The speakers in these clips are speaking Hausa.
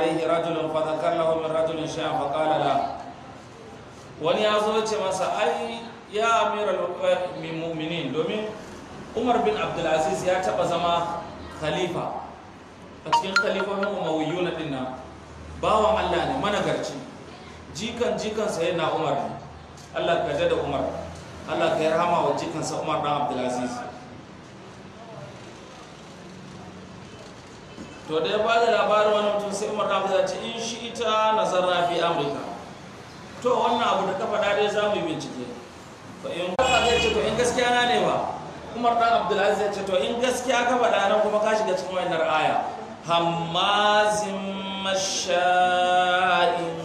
alaihi rajulun wani ya zo ce masa ai ya amiral mu'minin domin Umar bin Abdulaziz ya taɓa zama khalifa a cikin khalifofin umawiyyuna din nan bawan Allah ne managarci jikan jikan sa yana Umar Allah ka da Umar ka yarhama wa jikansa Umar dan Abdulaziz to da ya ba da labarin wani mutum sai umar rafi ce in shi ita nazarra fi amurka to wannan abu da kafa dare za mu yi bincike to in kafa zai ce to in gaskiya na ne ba umar dan abdulaziz zai ce to in gaskiya ka faɗa nan kuma ka shiga cikin wannan aya hammazin masha'in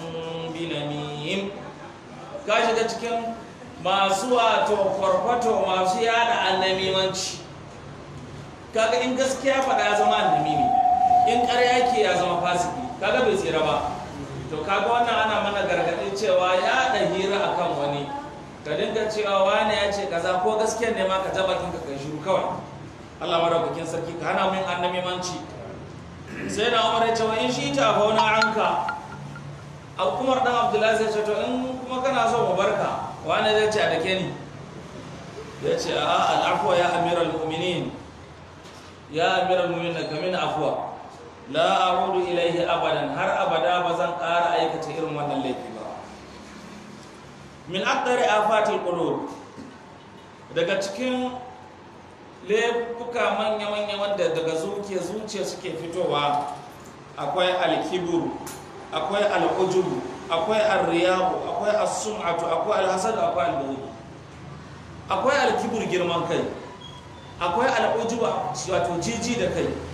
binamim ka shiga cikin masu wato kwarkwato masu yada annamimanci kaga in gaskiya faɗa zama annami ne in ƙarya yake ya zama fasiki kaga bai tsira ba to kaga wannan ana mana gargaɗin cewa ya da hira akan wani ka dinga cewa wani ya ce kaza ko gaskiya ne ma ka ja bakin ka kai shiru kawai Allah madaukakin sarki ka hana min annabi manci sai na Umar ya ce wa in shi ta fauna anka Umar dan Abdullahi ya ce to in kuma kana so mu barka wani zai ce a dake ni ya ce a al'afwa ya amiral mu'minin ya amiral mu'minin ka min afwa la a'udu ilaihi abadan har abada ba zan ƙara aikata irin wannan laifi ba min akdari afati alqulub daga cikin laifuka manya-manya wanda daga zuciya zuciya suke fitowa akwai alkibur akwai al'ujubu akwai arriyabu akwai as-sum'atu akwai alhasad akwai al akwai alkibur girman kai akwai al'ujubu wato jiji da kai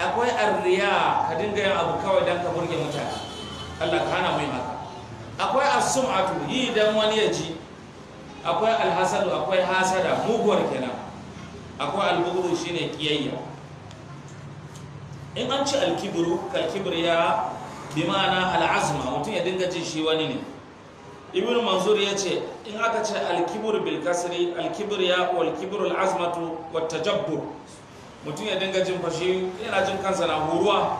akwai arriya ka dinga yin abu kawai don ka burge mutane Allah ka hana mai haka akwai asum'atu yi idan wani ya ji akwai alhasadu akwai hasada muguwar kenan akwai albuguru shine kiyayya in an ci alkibiru kalkibir ya bi ma'ana al'azma mutum ya dinga jin shi wani ne ibn manzur ya ce in aka ce alkibir bil kasri ya wal kibru al'azmatu wata tajabbur mutum ya dinga jin fashi yana jin kansa na huruwa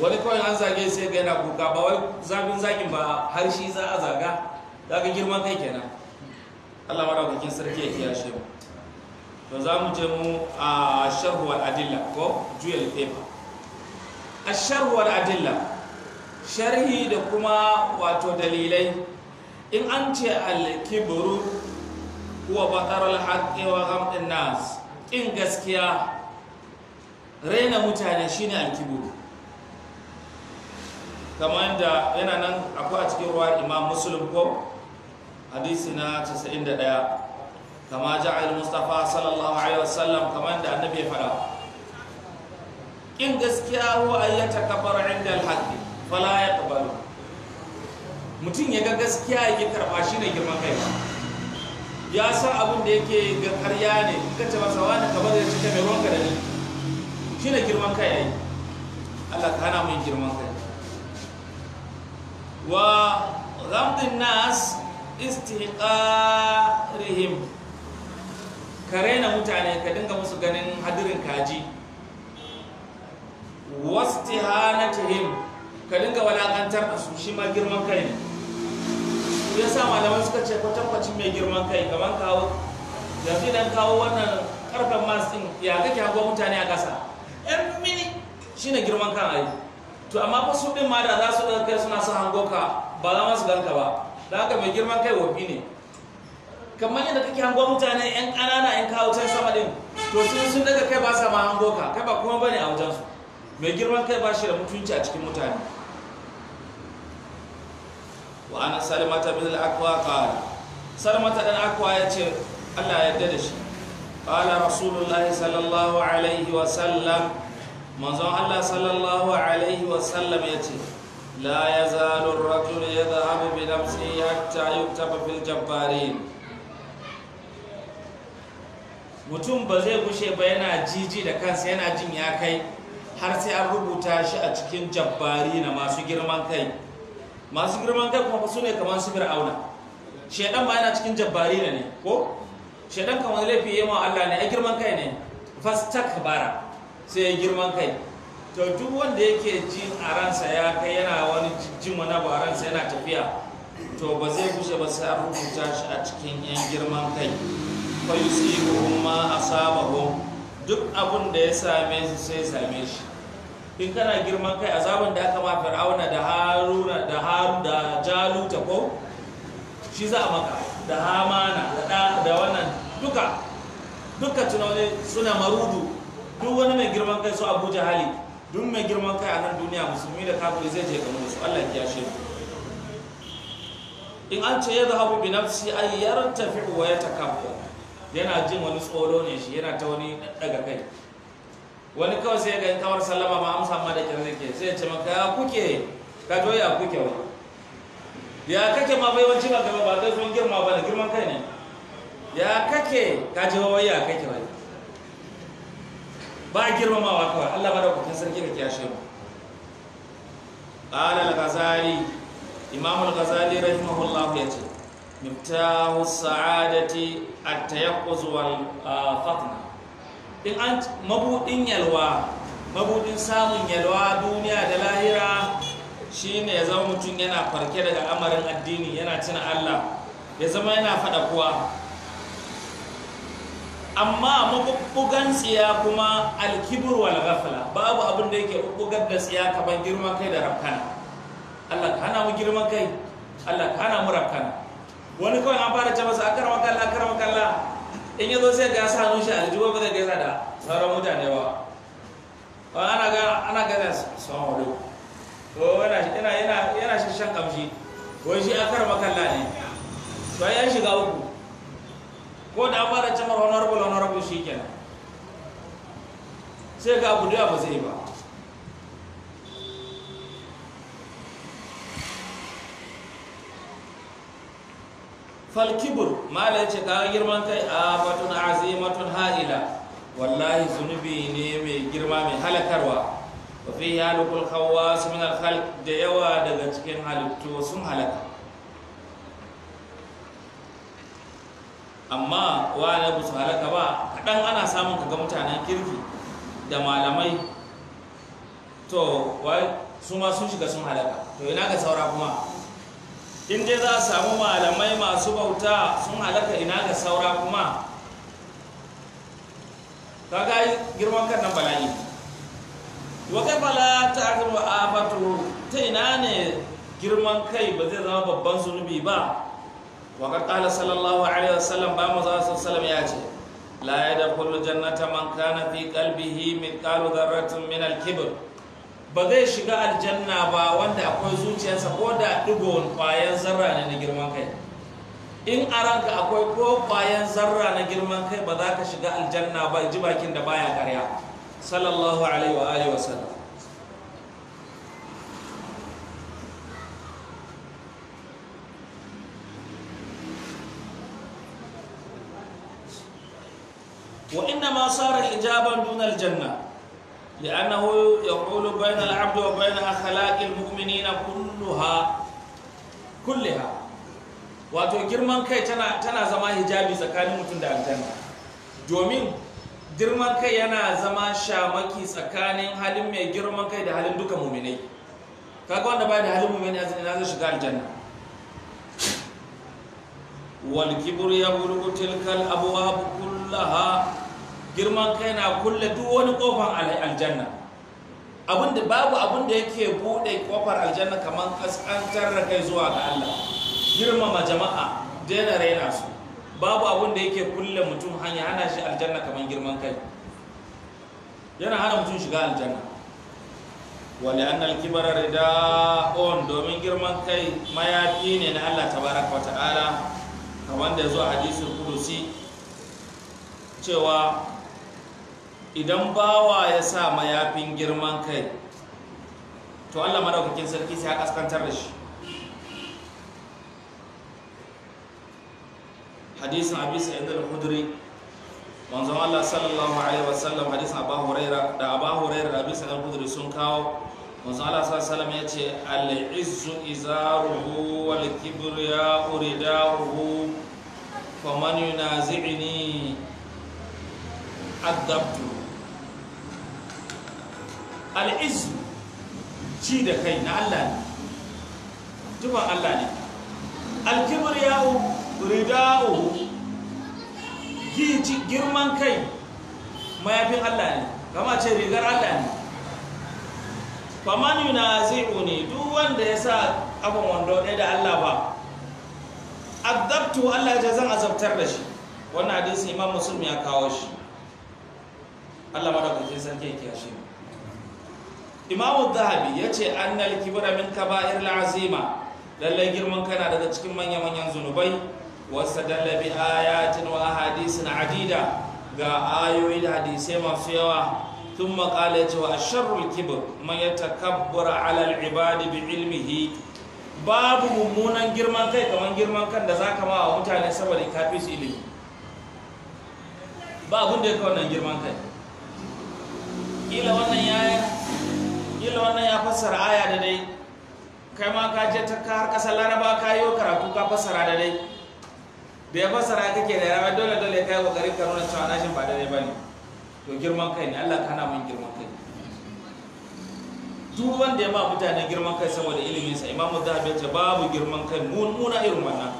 wani kawai an zage sai ga yana kuka ba wai zafin zagin ba har shi za a zaga daga girman kai kenan Allah madaukakin sarki ya kiyashe shi to za mu je mu a sharhuwar adilla ko juyal paper a sharhuwar adilla sharhi da kuma wato dalilai in an ce al-kibru huwa batar al-haqqi wa ghamd nas ƙin gaskiya raina mutane shine alkiburu kamar yadda yana nan akwai a cikin ruwa imam muslim ko hadisi na 91 kama ja'ar mustafa sallallahu alaihi wasallam kamar yadda annabi ya fara ƙin gaskiya huwa ayyata kafar inda alhaqi fala yaqbalu mutum ya ga gaskiya ya ƙi karɓa shi ne girman kai ba ya sa abin da yake ga karya ne ka ce masa wani ka bada cika mai ruwanka da ni shi ne girman kai yayi Allah ka hana mai girman kai wa ghamdin nas istihqarihim ka raina mutane ka dinga musu ganin hadirin kaji wastihanatihim ka dinga walakantar da su shi ma girman kai ne shi ya sa malaman suka ce kwatankwacin mai girman kai kamar kawo yanzu idan kawo wannan karfen masu din ya kake hagu mutane a ƙasa yan mini shi ne girman kan ayi to amma fa su ɗin ma da za su ɗaga kai suna son hango ka ba za ma su ganka ba da haka mai girman kai wofi ne kamar yadda kake hango mutane yan ƙanana yan kawo can sama ɗin to sun sun daga kai ba sa ma hango ka kai ba kuma bane a wajensu mai girman kai ba shi da mutunci a cikin mutane wa ana salimata bin al-aqwa qala salmata dan aqwa yace Allah ya yarda da shi qala rasulullahi sallallahu alaihi wa sallam manzon Allah sallallahu alaihi wa sallam yace la yazalu ar-rajulu yadhhabu bi nafsihi hatta yuktaba fil jabbarin mutum ba zai gushe ba yana jiji da kansa yana jin ya kai har sai an rubuta shi a cikin jabbari na masu girman kai masu girman kai kuma su ne kamar su fir'auna shaidan ma yana cikin jabbari ne ko shaidan kamar laifi ya ma Allah ne a girman kai ne bara sai ya girman kai to duk wanda yake jin a ransa ya kai yana wani jin wani abu a ransa yana tafiya to ba zai gushe ba sai an rubuta shi a cikin yan girman kai fa a ma asabahum duk abun da ya same su sai same shi in kana girman kai a zaman da aka ma fir'auna da haruna da haru da jaluta ko shi za a maka da hamana da wannan duka duka suna marudu duk wani mai girman kai su abuja hali duk mai girman kai a nan duniya musulmi da kafiri zai je gano su allah ya shi in an ce ya zahabu bi nafsi ay yartafi wa yatakabbar yana jin wani tsoro ne shi yana ta wani daga kai wani kawai sai ga kawar sallama ma amsa ma da kirin ke sai ce maka ya kuke ka to ya kuke wa ya kake ma bai wanci ba gaba ba dai son girma ba da girman kai ne ya kake ka ji wai ya kake wai ba girma ma wa kawai Allah madaukakin sarki ka kiyashe mu qala al-ghazali imam al-ghazali rahimahullah ce. miftahu sa'adati at-tayaqquz wal ah, fatna in an mabudin yalwa mabudin samun yalwa duniya da lahira shi ne ya zama mutum yana farke daga amarin addini yana tuna Allah ya zama yana fada kuwa amma mabubbugan tsiya kuma alkibir wal ghafla babu abin da yake bubbugar da tsiya kaman girman kai da rafkana Allah ka hana mu girman kai Allah ka hana mu rafkana wani kawai an fara ce masa akar makalla akar makalla in yi zo sai ga sa hannun shi aljiwa ba zai gaisa da sauran mutane ba ana ga ana ga sauran alaikum ko yana yana yana yana shan kamshi wai shi akar makalla ne to ya shiga uku ko da fara cimar honorable honorable shi kenan sai ga abu da ba zai ba falkibur mala ce ka girman kai a batun azimatun ha'ila wallahi zunubi ne mai girma mai halakarwa wa fi halukul khawwas min al da yawa daga cikin halittu sun halaka amma wani ba su halaka ba kaɗan ana samun kaga mutanen kirki da malamai to su ma sun shiga sun halaka to ina ga saura kuma in dai za a samu malamai masu bauta sun halaka ina ga saura kuma kaga girman kan nan bala'i Wakar bala ta a batu ta ina ne girman kai ba zai zama babban zunubi ba wa ka qala sallallahu alaihi wasallam ba maza su sallam ya ce la kullu jannata man kana fi qalbihi mai dharratin min al-kibr ba zai shiga aljanna ba wanda akwai zuciyarsa ko da ɗigon ƙwayan zarra ne na girman kai in a akwai ko ƙwayan zarra na girman kai ba za ka shiga aljanna ba ji bakin da baya karya sallallahu alaihi wa alihi wasallam wa inna ma sara hijaban dunal janna لأنه يقول بين العبد وبين أخلاق المؤمنين كلها كلها wato girman kai tana zama hijabi tsakanin mutum da aljanna domin girman kai yana zama shamaki tsakanin halin mai girman kai da halin duka muminai kaga wanda bai da halin muminai a zina zai shiga aljanna wal kibru yabulu tilkal abwab kullaha girman kai na kulle duk wani kofar aljanna abinda babu abin da yake bude kofar aljanna kamar kaskantar da kai zuwa ga Allah girmama jama'a daina raina su babu abin da yake kulle mutum hanya hana shi aljanna kamar girman kai yana hana mutum shiga aljanna wani an alkibar rida on domin girman kai mayafi ne na Allah tabarak wa ta'ala kamar da ya zo a cewa idan bawa ya sa mayafin girman kai to Allah madaukakin sarki sai ya kaskantar da shi hadisin abi sa'id al hudri manzon Allah sallallahu alaihi wasallam hadisin abu huraira da abu huraira da abi sa'id al hudri sun kawo manzon Allah sallallahu alaihi wasallam yace al-izzu izaruhu wal kibriya uridahu man yunazi'ni adabtu al'izu ci da kai na Allah ne tuban Allah ne alkibir yawo rida'u girman kai mayafin Allah ne kama ce rigar Allah ne faman na zai'u ne duk wanda ya sa abin wando ɗaya da Allah ba azabtu Allah ya zan azabtar da shi wannan adinsu imam musulmi ya kawo shi Allah madaukakin sarki ya kiyashe mu imamu zahabi ya ce annal kibra min kaba'ir la'azima lallai girman kana daga cikin manya-manyan zunubai wasa dallabi ayatin wa ahadisin adida ga ayoyi da hadisai masu yawa tun makala ya ce wa asharul kibir man ya takabbura alal ibadi bi ilmihi babu mummunan girman kai kamar girman kan da za ka ma wa mutane saboda kafi su ilimi ba abin da ya kawo nan girman kai kila wannan yayin kila wannan ya fassara aya da dai kai ma ka je ta har ƙasar laraba ka yi karatu ka fassara da dai da ya fassara kake da yarawa dole dole ka yi ka nuna cewa nashin ba da dai ba ne to girman kai ne allah kana mun girman kai duk wanda ya ba mutane girman kai saboda sa imamu zahabi ce babu girman kai mun muna irin wannan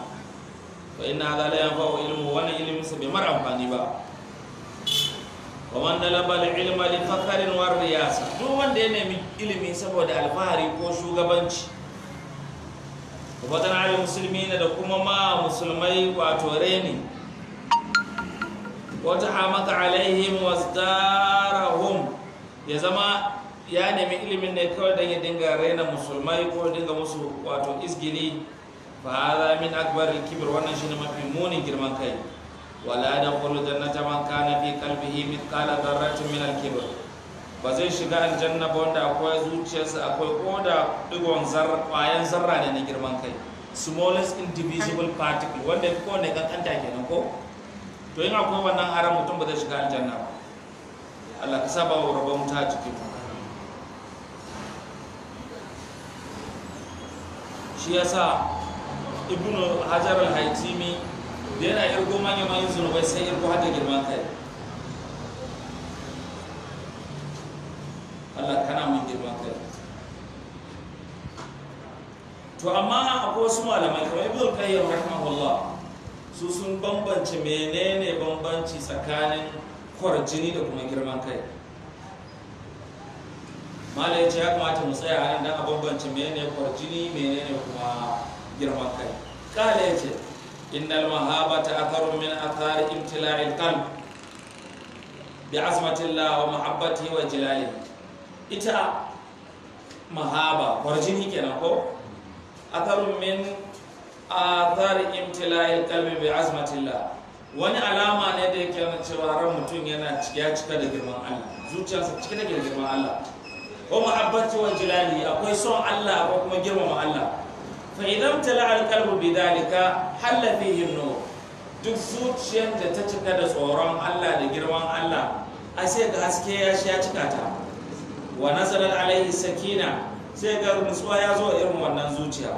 fa inna hadha la yanfa'u ilmu wannan iliminsa bai mara amfani ba wa man talaba ilma li riyasa duk wanda ya nemi ilimi saboda alfahari ko shugabanci wa badana al-muslimina da kuma ma musulmai wato reni wata hamaka alaihim wasdarahum ya zama ya nemi ilimin ne kawai don ya dinga raina musulmai ko dinga musu wato isgili fa hada min akbar al-kibr wannan shine mafi munin girman kai wala yadkhulu jannata man kana fi qalbihi kala dharratin min milan kibr ba zai shiga aljanna ba wanda akwai zuciyarsa akwai koda digon zarra kwayan zarra ne na girman kai smallest indivisible particle wanda ya kowane kankanta kenan ko to yin akwai wannan haram mutum ba zai shiga aljanna ba Allah ka saba wa rabon ta cikin shi ya yasa ibnu hajar al-haytimi da yana ma manya manyan bai sai ko hada girman kai Allah kana mun girman kai to amma akwai wasu malamai kamar ibnu qayyim rahimahullah su sun bambance menene bambanci tsakanin kwarjini da kuma girman kai malai ce ya kamata mu tsaya a nan don a bambance menene kwarjini menene kuma girman kai kala ya ce إن المهابة أثر من أثار امتلاء القلب بعزمة الله ومحبته وجلاله إتا mahaba kwarjini kenan ko atharun min athar imtila'il qalbi bi azmatillah wani alama ne da yake nuna cewa ran mutum yana ya cika da girman Allah zuciyarsa cike da girman Allah ko muhabbati wa jilali akwai son Allah ko kuma girmama Allah fa idan tala alqalbu bidalika halla fihi duk zuciyar da ta cika da tsoron Allah da girman Allah a sai ga haske ya sha cika ta wa nasarar alaihi sakina sai ga nutsuwa ya zo irin wannan zuciya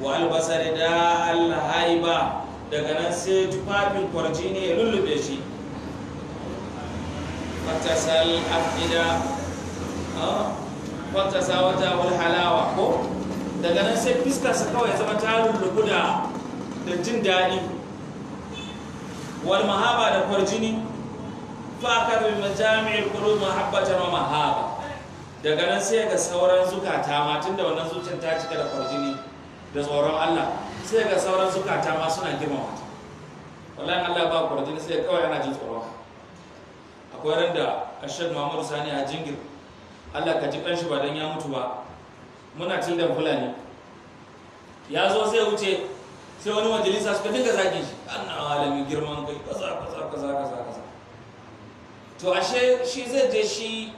wa albasari da Allah haiba daga nan sai tufafin kwarji ne ya lullube shi fatasal afida ah, fatasawata wal ko daga nan sai fiskarsa kawai zama ta rubu da jin daɗi wal mahaba da kwarjini fakar bil majami'il qulub mahabbatan wa mahaba daga nan sai ga sauran zukata ma tunda wannan zuciyar ta cika da kwarjini da tsoron Allah sai ga sauran zukata ma suna girmama ta wallahi Allah ba kwarjini sai kawai yana jin tsoro. akwai ran da Ashad Muhammad Sani a jingir Allah ka ji kanshi ba dan ya mutu ba muna da fulani ya zo sai wuce sai wani majalisa suka dinga zagin shi annan alamin girman kai kaza kaza kaza kaza kaza to ashe shi zai je shi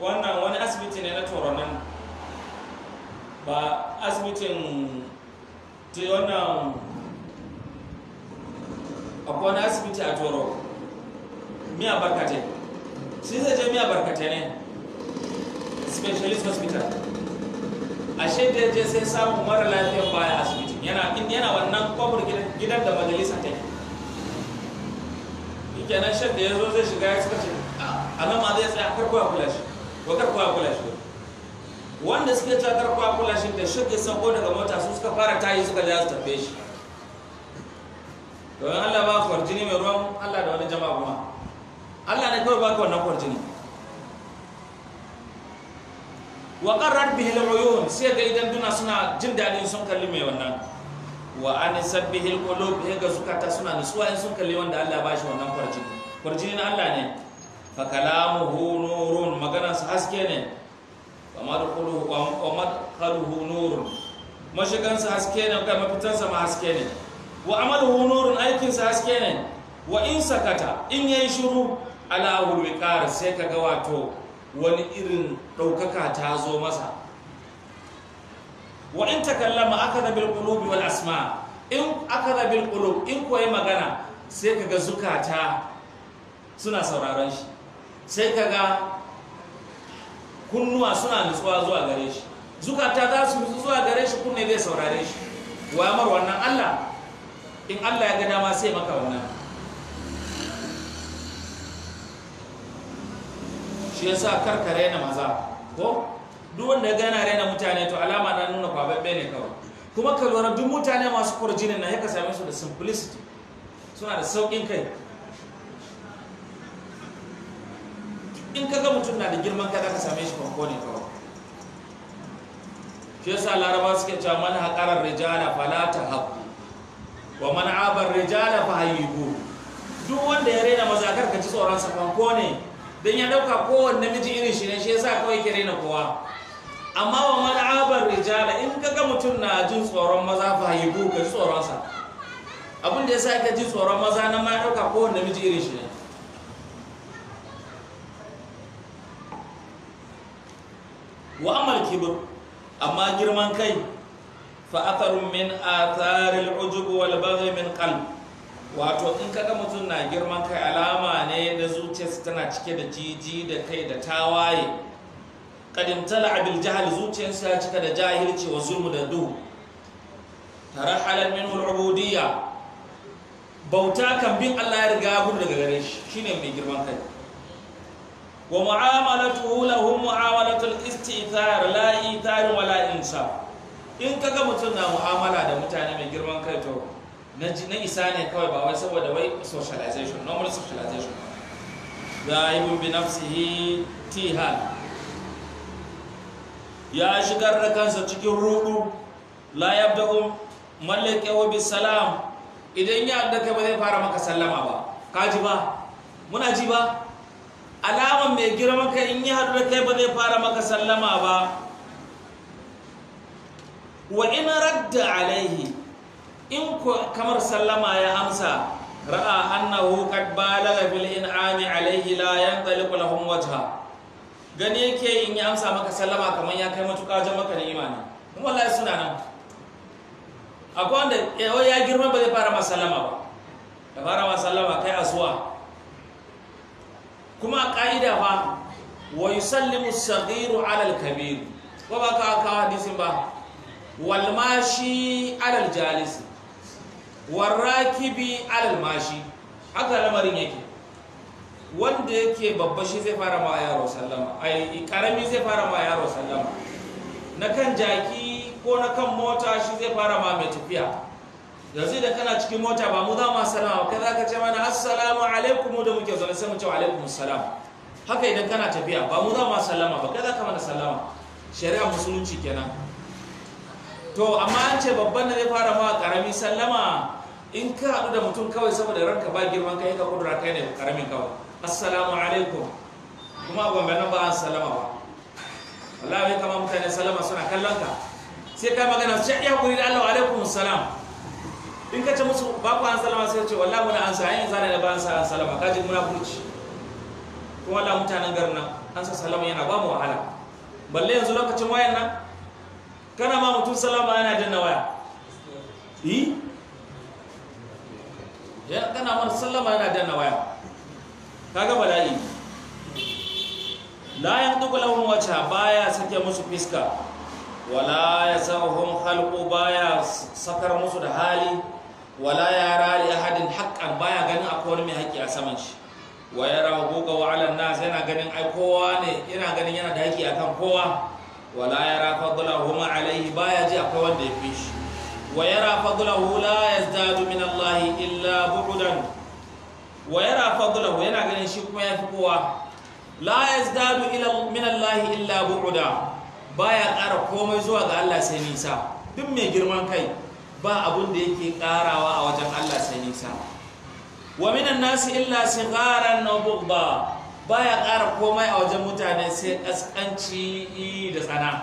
wannan wani asibiti ne na toronan ba asibitin ta wannan akwai wani asibiti a toro miya barkatai shi zai je miya barkatai ne specialist hospital ashe da je sai samu mara lafiyan baya asibitin yana in yana wannan kwabur gidan da majalisa ta yi. nan shan da ya zo zai shiga ya suka ce a nan ma zai tsaya karkuwa kula shi ko karkuwa kula shi wanda suke cewa karkuwa kula shi da shirke sabo daga mota su suka fara tayi suka ja su tafe shi domin Allah ba kwarjini mai ruwan Allah da wani jama'a kuma Allah ne kawai ba ka wannan kwarjini wa qarrar bihi al-uyun sai ga idan duna suna jin dadin sun kalli mai wannan wa an sabbihi al-qulub sai ga zukata suna nutsuwa in sun kalli wanda Allah ba shi wannan farjini farjini na Allah ne fa kalamuhu nurun maganar sa haske ne wa madkhuluhu wa madkhaluhu nurun mashigan sa haske ne kai mafitan sa ma haske ne wa amaluhu nurun aikin sa haske ne wa in sakata in yayi shiru ala hulwiqar sai ka ga wato wani irin ɗaukaka ta zo masa wa in takallama akada bil biyu wani asma in aka da qulub in koyi magana sai kaga zukata suna sauraron shi sai kaga kunnuwa suna nutsuwa zuwa gare shi zukata za su nutsu zuwa gare shi kunne zai saurare shi wa mara wannan Allah in Allah ya ga dama sai maka wannan shi yasa kar ka raina maza ko duk wanda ya gana raina mutane to alama na nuna kwababbe ne kawai kuma ka lura duk mutane masu kurjinin na haka same su da simplicity suna da sauƙin kai in ka ga mutum na da girman kai zaka same shi kwanko ne kawai shi yasa laraba suke cewa man haƙarar rijala fala ta haƙu wa man abar rijala fa hayyibu duk wanda ya raina maza kar ka ci tsoron sa kwanko ne don ya ɗauka kowane namiji irin shi ne shi yasa kawai ke na kowa amma wa mal'abar rijala in ka ga mutum na jin tsoron maza fa yi ka tsoron sa abin da yasa ka ji tsoron maza na ma dauka ɗauka kowanne namiji irin shi ne wa amal kibir amma girman kai fa atharun min atharil ujub wal baghi min qalb wato in kaga mutum na girman kai alama ne na zuciyarsa tana cike da jiji da kai da tawaye tala abil jahal zuciyarsa ya cika da jahilci wa zulmu da duhu tarahalar min ubudiyya bauta kan bin Allah ya riga gudu daga gare shi shine mai girman kai wa mu'amalatuhu lahum mu'amalatul istithar la ithar wala insa in kaga mutum na mu'amala da mutane mai girman kai to na isa ne kawai ba wai saboda wai socialization normal socialization Ya zahibun bi nafsihi tihal ya shigar da kansa cikin rudu la yabda'u mallaka wa bi salam idan ya da kai ba zai fara maka sallama ba ka ji ba muna ji ba alaman mai girma ka in yi haɗu da kai ba zai fara maka sallama ba wa ina radda alaihi in kamar sallama ya amsa ra'a annahu qad balagha bil in'ami alayhi la yanqalibu lahum wajha gani yake in ya amsa maka sallama kaman ya kai matuƙa jama'a maka imani mun wallahi suna nan akwai wanda eh, ya girma ba zai fara ma sallama ba Ya fara ma sallama kai asuwa kuma ka'ida fa wa yusallimu as-saghiru 'ala al-kabir ko ba ka ka hadisin ba wal mashi 'ala al-jalisi warakibi almashi haka lamarin yake wanda yake babba shi zai fara ma yaro sallama ai karami zai fara ma yaro sallama na kan jaki ko na kan mota shi zai fara ma mai tafiya yanzu da kana cikin mota ba mu za mu sallama kai zaka ce mana assalamu alaikum da muke zo sai mu ce alaikum assalam haka idan kana tafiya ba mu za mu sallama ba kai zaka mana sallama shari'a musulunci kenan to amma an ce babban da zai fara ma karami sallama in ka haɗu da mutum kawai saboda ranka ba girman kai ka kudura kai ne karamin kawai assalamu alaikum kuma abu mai nan ba an salama ba wallahi bai kama mutane salama suna kallon ka sai kai magana su shaɗi hakuri da Allah alaikum salam in ka ce musu ba ku an salama sai ce wallahi muna an sa yin zane da ba an sa an salama ka ji muna burci kuma wallahi mutanen garin nan an sa salama yana ba mu wahala balle yanzu lokacin wayan nan kana ma mutum salama yana danna waya yi eh? ya kana ma salama yana danna waya kaga bala'i la yanduku lahum wajha baya sake musu fiska wala ya sahum khalqu baya sakar musu da hali wala yara li ahadin haqqan baya ganin akwai wani mai haƙƙi a saman shi wa yara hukuka wa ala nas yana ganin ai kowa ne yana ganin yana da haƙƙi akan kowa wala yara fadlahu ma alaihi baya ji akwai wanda ya fi shi wa yara fadlahu la yazdadu min Allah illa bu'dan wa yara fadlahu yana ganin shi kuma ya fi kowa la yazdadu ila min Allah illa bu'da baya ƙara komai zuwa ga Allah sai nisa duk mai girman kai ba abunda yake ƙarawa a wajen Allah sai nisa wa minan nasi illa sigharan na bughda baya ƙara komai a wajen mutane sai ƙasƙanci da tsana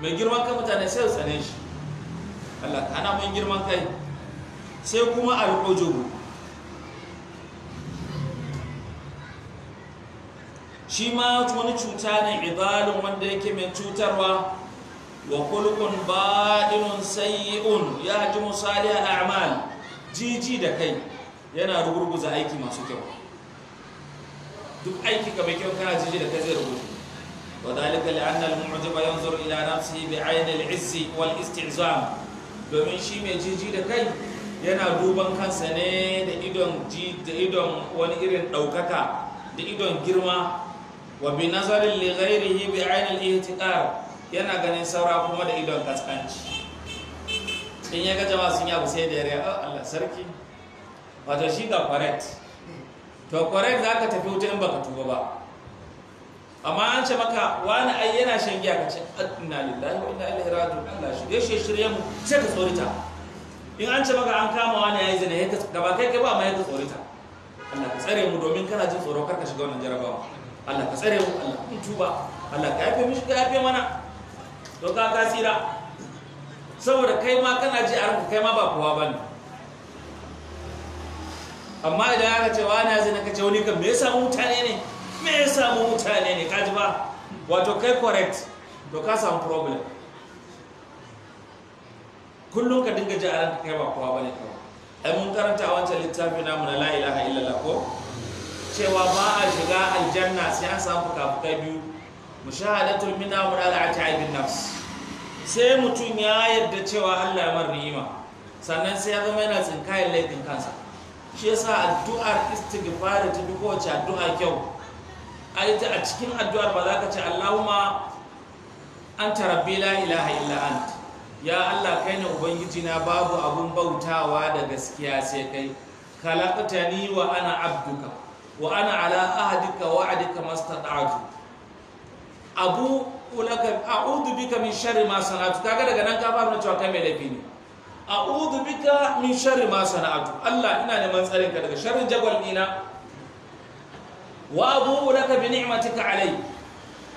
mai girman kan mutane sai tsane shi Allah na mun girman kai sai kuma a riƙo jogo shi ma wani cuta ne idalin wanda yake mai cutarwa wa kulkun ba'inun sayyi'un ya haji musali al'amal jiji da kai yana rugurguza aiki masu kyau duk aiki ka mai kyau kana jiji da kai zai rubutu wa dalika li anna al-mu'jiba yanzuru ila nafsihi bi ayn al-izz wal istizam domin shi mai jiji da kai yana duban kansa ne da idon ji da idon wani irin daukaka da idon girma wa bi nazarin li bi al-ihtiqar yana ganin saura kuma da idon kaskanci in ya ga jama'a sun yabu sai da yare oh, Allah sarki wato shi ga parade to kwarai za ka tafi wuta in baka tuba ba amma an ce maka wani ai yana shan giya ka ce inna lillahi wa inna ilaihi raji'un Allah shi dai shirye mu sai ka tsorita in an ce maka an kama wani yayi zina ya da ba kai kai ba mai ka tsorita Allah ka tsare mu domin kana jin tsoro kar ka shiga wannan jarabawa Allah ka tsare mu Allah ka tuba Allah ka yafe mishi ka yafe mana to ka kasira saboda kai ma kana ji a ranka kai ma ba kowa bane amma idan aka ce wa na zina kace wani kan me ya samu mutane ne me ya samu mutane ne kaji ba wato kai correct to ka samu problem kullum ka dinga ji a ranka kai ba kowa bane kawai ai mun karanta a wancan littafi namu na la ilaha illallah ko cewa ba a shiga aljanna sai an samu fuka biyu mushahadatul minna wa ta'ibin nafs sai mutum ya yarda cewa Allah ya mar ni'ima sannan sai ya zama yana tsinkayin laifin kansa shi yasa addu'ar istighfar ta duk wacce addu'a kyau ai ta a cikin addu'ar ba za ka ce Allahumma anta rabbi la ilaha illa ant ya Allah kai ne ubangiji na babu abun bautawa da gaskiya sai kai khalaqtani wa ana abduka wa ana ala ahdika wa'dika mastata'tu abu ulaka a'udhu bika min sharri ma sana'tu kaga daga nan ka fara cewa kai mai laifi ne a'udhu bika min sharri ma sana'tu Allah ina neman tsarin ka daga sharrin jagwal dina? wa abu laka bi ni'matika alai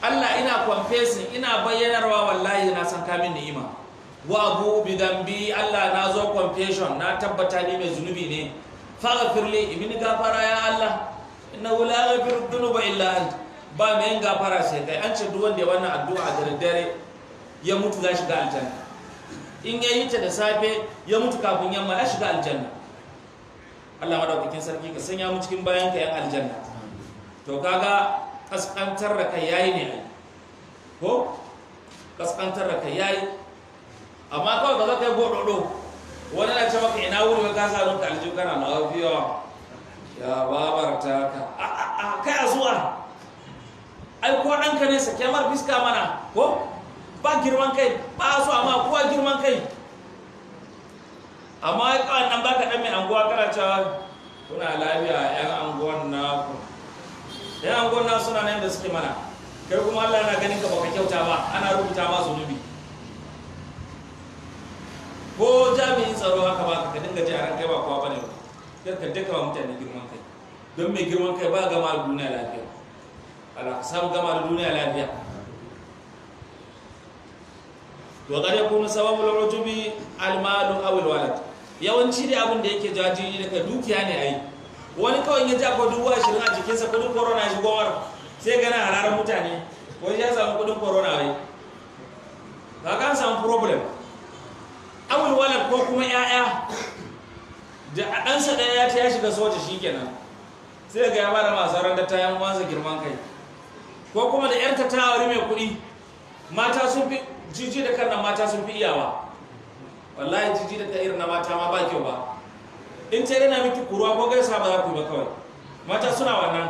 Allah ina confessing ina bayyanarwa wallahi na san ka min ni'ima wa abu bi dambi Allah na zo confession na tabbata ni mai zunubi ne faghfir li ibni gafara ya Allah inna la yaghfiru dhunuba illa anta ba mai gafara sai kai an ce duk wanda ya wannan addu'a da dare ya mutu za shi ga aljanna in ya yi ta da safe ya mutu kafin yamma ya shiga aljanna Allah madaukakin sarki ka sanya mu cikin bayan ka yan aljanna to kaga kaskantar da kai yayi ne ai ko kaskantar da kai yayi amma kawai ba za ka yi bododo wani na ce maka ina wuri ka sa ranka aljihu kana na wafiya ya babar ta ka a kai a zuwa ai ko ɗanka ne sake mar fiska mana ko ba girman kai ba su amma kuwa girman kai amma ya kawai nan ka dan mai anguwa kana cewa kuna lafiya yan anguwan na ku yan anguwan na suna nan da suke mana kai kuma Allah yana ganin ka baka kyauta ba ana rubuta ma zunubi ko jami'in tsaro haka ba ka dinga ji a ran kai ba kowa bane kar ka daka wa mutane girman kai don mai girman kai ba gama duniya lafiya ala samu gama duniya lafiya ya kuma yakunu sababul rujubi al malu aw al walad yawanci dai abin da yake jaji daga dukiya ne ai wani kawai ya ji akwai dubu ashirin a jikinsa kudin korona shi gomar sai gana hararar mutane wani ya samu kudin korona ne ba ka samu problem awul walad ko kuma ya'ya da ɗansa ɗaya ya ta ya shiga soja shi kenan sai ga ya bada masu ran da ta yan uwansa girman kai ko kuma da 'yarta ta tawari mai kuɗi mata sun fi jiji da kan mata sun fi iyawa wallahi jiji da irin na mata ma ba kyau ba in ta yana miki kuruwa ko gaisa ba za ku ba kawai mata suna wannan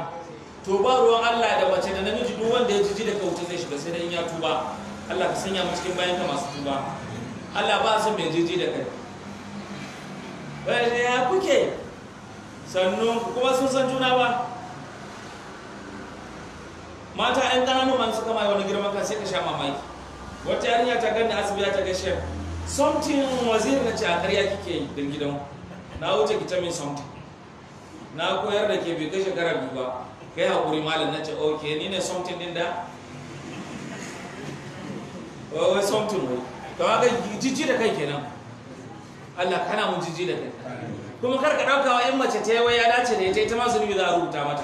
to ba ruwan Allah da mace da namiji duk wanda ya jiji da kauce zai shiga sai da in ya tuba Allah ka sanya mu cikin bayan ka masu tuba Allah ba son mai jiji da kai ne ya kuke sannu kuma sun san juna ba mata 'yan ƙananu man suka mai wani girman kan sai ka sha mamaki wata yarinya ta gani asibiya ta ga shef something wazir na ce a ƙarya kike yi don gidan na wuce ki ta min something na koyar da ke bai kai shekara biyu ba kai haƙuri malam na ce ok ni ne something din da wai something wai kama ga jijji da kai kenan Allah kana mun jijji da kai kuma kar ka ɗauka wa 'yan mace ta yawa ya dace da ita ita ma zunubi za a rubuta mata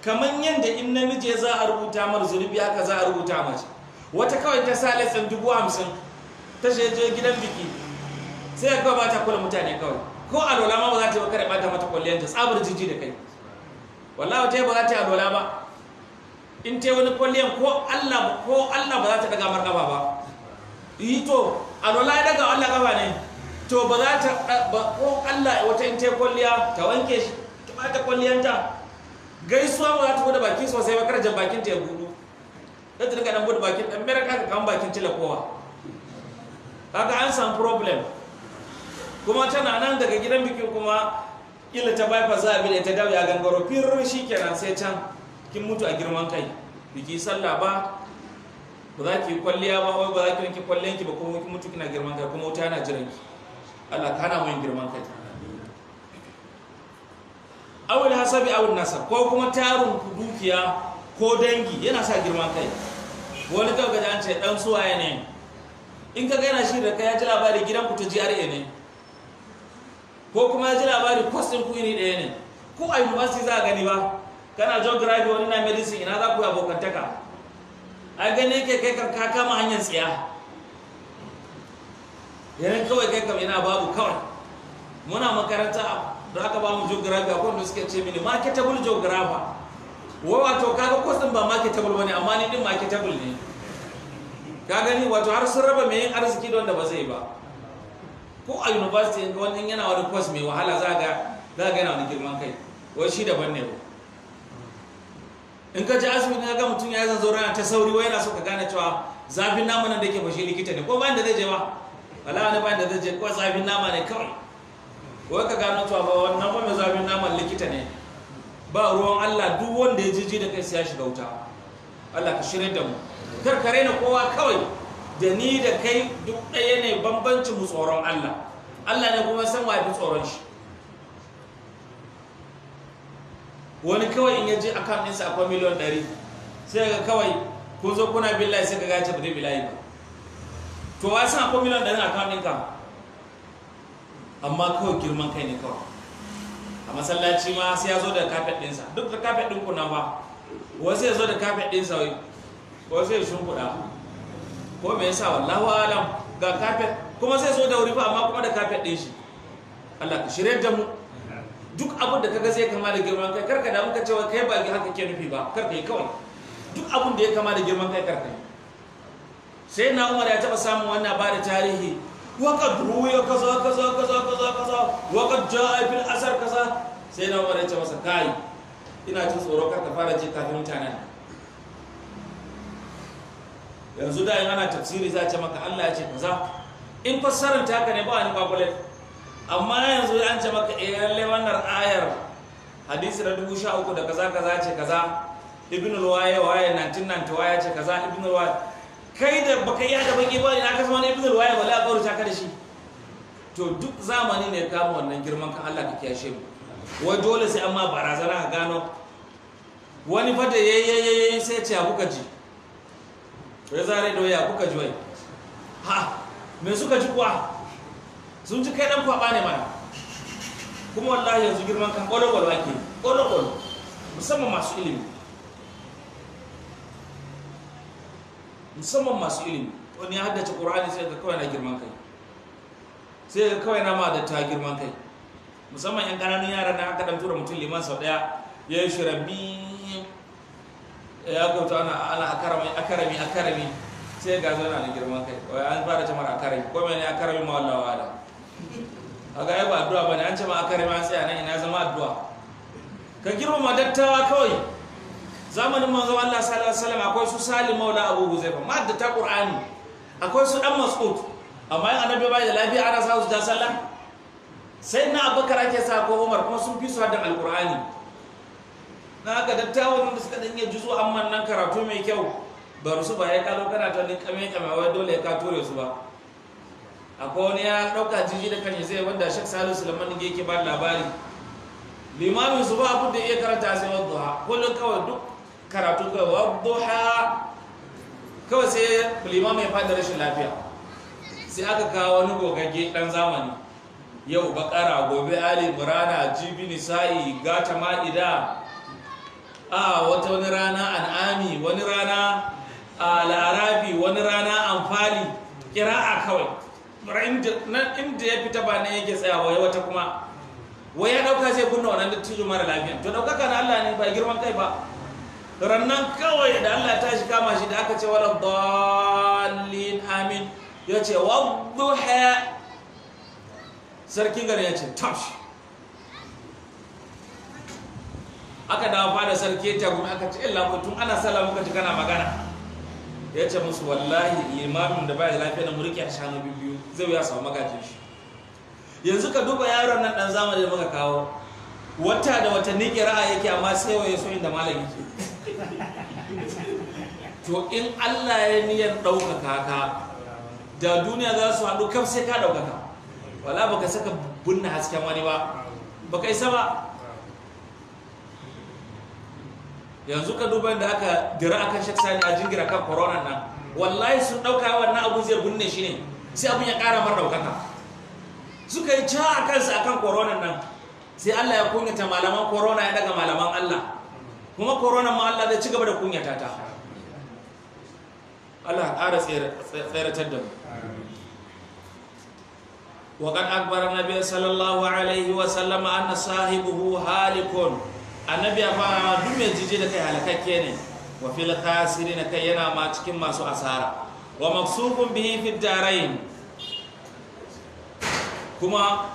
kamar yadda in namiji za a rubuta mar zunubi haka za a rubuta mace wata kawai ta Sale san dubu hamsin ta je gidan biki sai ya kawai ba ta kula mutane kawai ko alwala ma ba za ta yi kare ta mata kwalliyar ta tsabar jiji da kai wallawa ta yi ba za ta yi alwala ba in ta yi wani kwalliyar ko allah ko allah ba za ta daga markaba ba yi to alwala ya daga allah gaba ne to ba za ta ko allah wata in ta yi kwalliya ta wanke shi ta bata kwalliyar ta gaisuwa ba za ta bude baki sosai ba kar jan bakin ta ya buɗu da ta rika dan bude bakin dan mere ka kan bakin cila kowa kaga an samu problem kuma tana nan daga gidan bikin kuma illa ta bypass za a bi da ta dawo ya gangaro fir shi kenan sai can kin mutu a girman kai biki sallah ba ba za ki kwalliya ba wai ba za ki yi kwalliyan ki ba kuma kin mutu kina girman kai kuma wuta yana jiran ki Allah ka hana mun yin girman kai awul hasabi awul nasab ko kuma tarun dukiya ko dangi yana sa girman kai wani kawai gaji an ce dan suwaye ne in ka gaina shi da kai ya ji labari gidan ku ta GRA ne ko kuma ya ji labari kwastin ku iri daya ne ko a university za a gani ba kana grafi wani na medicine ina za ku yi abokantaka a gani ke kai kan ka kama hanyar tsiya yanin kawai kai kam yana babu kawai muna makaranta da aka ba mu grafi akwai wanda suke ce mini marketable grafi wai wato kaga kwasan ba marketable bane amma ni din marketable ne ka gani wato har sun raba mai yin arziki don da ba zai ba ko a university in wani yana wani kwas mai wahala za ga za ga yana wani girman kai wai shi daban ne ba in ka ji asibiti na ga mutum ya zanzo rana ta sauri wai yana so ka gane cewa zafin nama nan da ke fashe likita ne ko bayan da zai je ba wala wani bayan da zai je ko zafin nama ne kawai wai ka gano cewa ba wannan ba mai zafin nama likita ne ba ruwan Allah duk wanda ya jiji da kai sai ya shiga wuta Allah ka shirye da mu kar ka kowa kawai da ni da kai duk ɗaya ne bambancin mu tsoron Allah Allah ne kuma san wa fi tsoron shi wani kawai in yaje akan ɗinsa akwai miliyan ɗari sai ga kawai kun zo kuna billahi sai ka gace ba zai billahi ba to wa san akwai miliyan ɗari akan ɗinka amma kawai girman kai ne kawai a masallaci ma sai ya zo da kafet ɗinsa duk da kafet ɗin kuna ba wasu ya zo da kafet ɗinsa wai wasu ya shimfiɗa ko me yasa wallahu alam ga kafet kuma sai zo da wuri fa amma kuma da kafet ɗin shi Allah ka shirye da mu duk abin da kaga sai kama da girman kai karka da muka cewa kai ba haka ke nufi ba karka yi kawai duk abin da ya kama da girman kai karka yi sai na umar ya taɓa samun wannan ba da tarihi وقد روي كذا كذا كذا كذا كذا وقد جاء في الاثر كذا سيدنا عمر ya ce masa kai ina jin tsoro ka fara ji kafin mutanen yanzu da ana tafsiri za a ce maka Allah ya ce kaza in fassarar ta taka ne ba wani kwakulet amma yanzu an ce maka eh lalle wannan ayar hadisi na dubu sha uku da kaza kaza ce kaza ibn ruwaya waye 1990 waye ce kaza ibn ruwaya kai da baka yi adaban imani na kasa wani ibn al-waya wala qaru ta da shi to duk zamani ne kama wannan girman kan Allah ka kiyashe mu wa dole sai amma barazana a gano wani fata yayi sai ce kuka ji ya zare doya waya kuka ji wai ha me suka ji kuwa sun ji kai dan kwaba ne ma kuma wallahi yanzu girman kan ake ke ƙwaƙwalwa musamman masu ilimi musamman masu ilimi wani ya haddace ƙorani sai ga kawai na girman kai sai ga kawai na ma da ta girman kai musamman yan ƙananun yaran na aka ɗantura tura mutum liman sau ɗaya ya yi shirabbi ya kauta ana ana akarami akarami akarami sai ga zo na girman kai wai an fara ta mara akarami ko ne akarami ma wallawa wala kaga ai ba addu'a bane an ce ma akarami an tsaya nan ina zama addu'a ka girmama dattawa kawai zamanin manzo Allah sallallahu alaihi wasallam akwai su Salim Maula Abu Huzaifa da ta Qur'ani akwai su dan Mas'ud amma in annabi bai da lafiya ana sa su da sallah sai na Abubakar ake sa ko Umar kuma sun fi su haddan Al-Qur'ani na ga dattawan da suka dan iya juzu amma nan karatu mai kyau ba su ba ya kalo kana ta ne kame kame wai dole ka tore su ba akwai wani ya dauka jiji da kan sai wanda Sheikh Salisu Sulaiman ne yake ba labari limamin su ba abin da iya karanta sai wadda kullum kawai duk karatu ka wadduha kawai sai kulima mai fadar rashin lafiya sai aka kawo wani gogagge dan zamani yau bakara gobe ali burana jibi nisa'i gata ma'ida a wata wani rana an'ami wani rana a larabi wani rana amfali kira'a kawai inda ya fita ba na yake tsayawa ya wata kuma wai ya dauka sai kunna wannan dattijo mara lafiya to dauka kana Allah ne ba girman kai ba rannan kawai da Allah ta shi kama shi da aka ce wadda dallin amin ya ce wadduha sarkin gari ya ce tash aka dawo fada sarki ta gumi aka ce illa tun ana salamu ka ci kana magana ya ce musu wallahi imamin da baya lafiya na murki a shanu biyu zai ya samu magajin shi yanzu ka duba yaron nan dan zamani da muka kawo wata da wata ni kira yake amma sai waye so inda malam yake to in Allah ya niyan ɗaukaka ka da duniya za su haɗu kam sai ka ɗaukaka wala baka saka bunna hasken wani ba baka isa ba yanzu ka duba da aka dira akan shaksa a jingira kan corona nan wallahi sun ɗauka wannan abun zai bunne shi ne sai abun ya ƙara mar ɗaukaka suka yi ca a kansu akan corona nan sai Allah ya kunyata malaman corona ya daga malaman Allah kuma korona ma Allah zai ci gaba da kunyata ta Allah ƙara tsayaratar da mu wa kan akbar annabi sallallahu alaihi wa sallama anna sahibuhu halikun annabi ya fara duk mai jije da kai halakakke ne wa fil khasirin kai yana ma cikin masu asara wa maksubun bihi fi darain kuma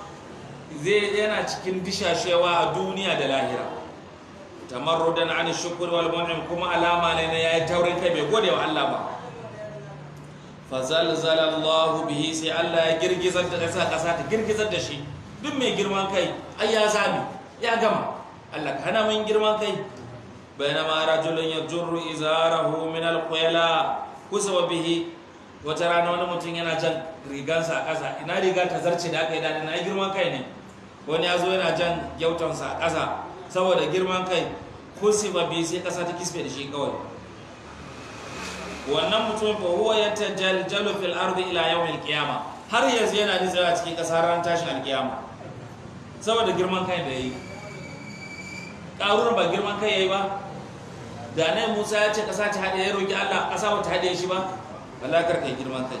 zai yana cikin dishashewa a duniya da lahira tamarrudan an shukuri wal mu'min kuma alama ne na yayi taurin kai bai gode wa Allah ba fazalzala Allah bihi sai Allah ya girgizar da kasa kasa ta girgizar da shi duk mai girman kai ai ya zabi ya gama Allah ka hana mun girman kai bainama rajulun yajurru izarahu min alquyala kusa bihi wata rana wani mutum yana jan rigansa a ƙasa ina riga ta zarce da aka yi daɗi na girman kai ne wani ya zo yana jan gyautansa a ƙasa saboda girman kai kusifa bi sai kasa ta kisbe da shi kawai wannan mutum ba huwa ya yatajaljalu fil ardi ila yawmil qiyama har yanzu yana nizara cikin kasa ran tashin alkiyama saboda girman kai da yayi karun ba girman kai yayi ba da nan Musa ya ce kasa ta hade ya roki Allah kasa ba ta hade shi ba Allah kai girman kai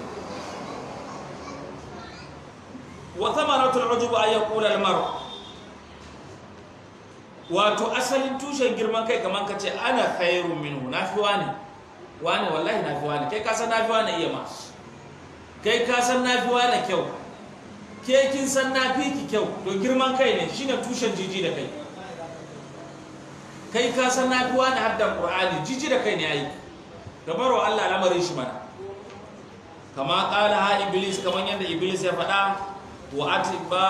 wa thamaratul ujubu ay al mar'u wato asalin tushen girman kai kamar ka ce ana khairun minhu na fi wani wani wallahi na fi wani kai ka san na fi wani iya ma kai ka san na fi wani kyau ke kin san na fi ki kyau to girman kai ne shine tushen jiji da kai kai ka san na fi wani qur'ani jiji da kai ne ai da baro Allah lamarin shi mana kama qala ha iblis kaman yadda iblis ya faɗa wa atiba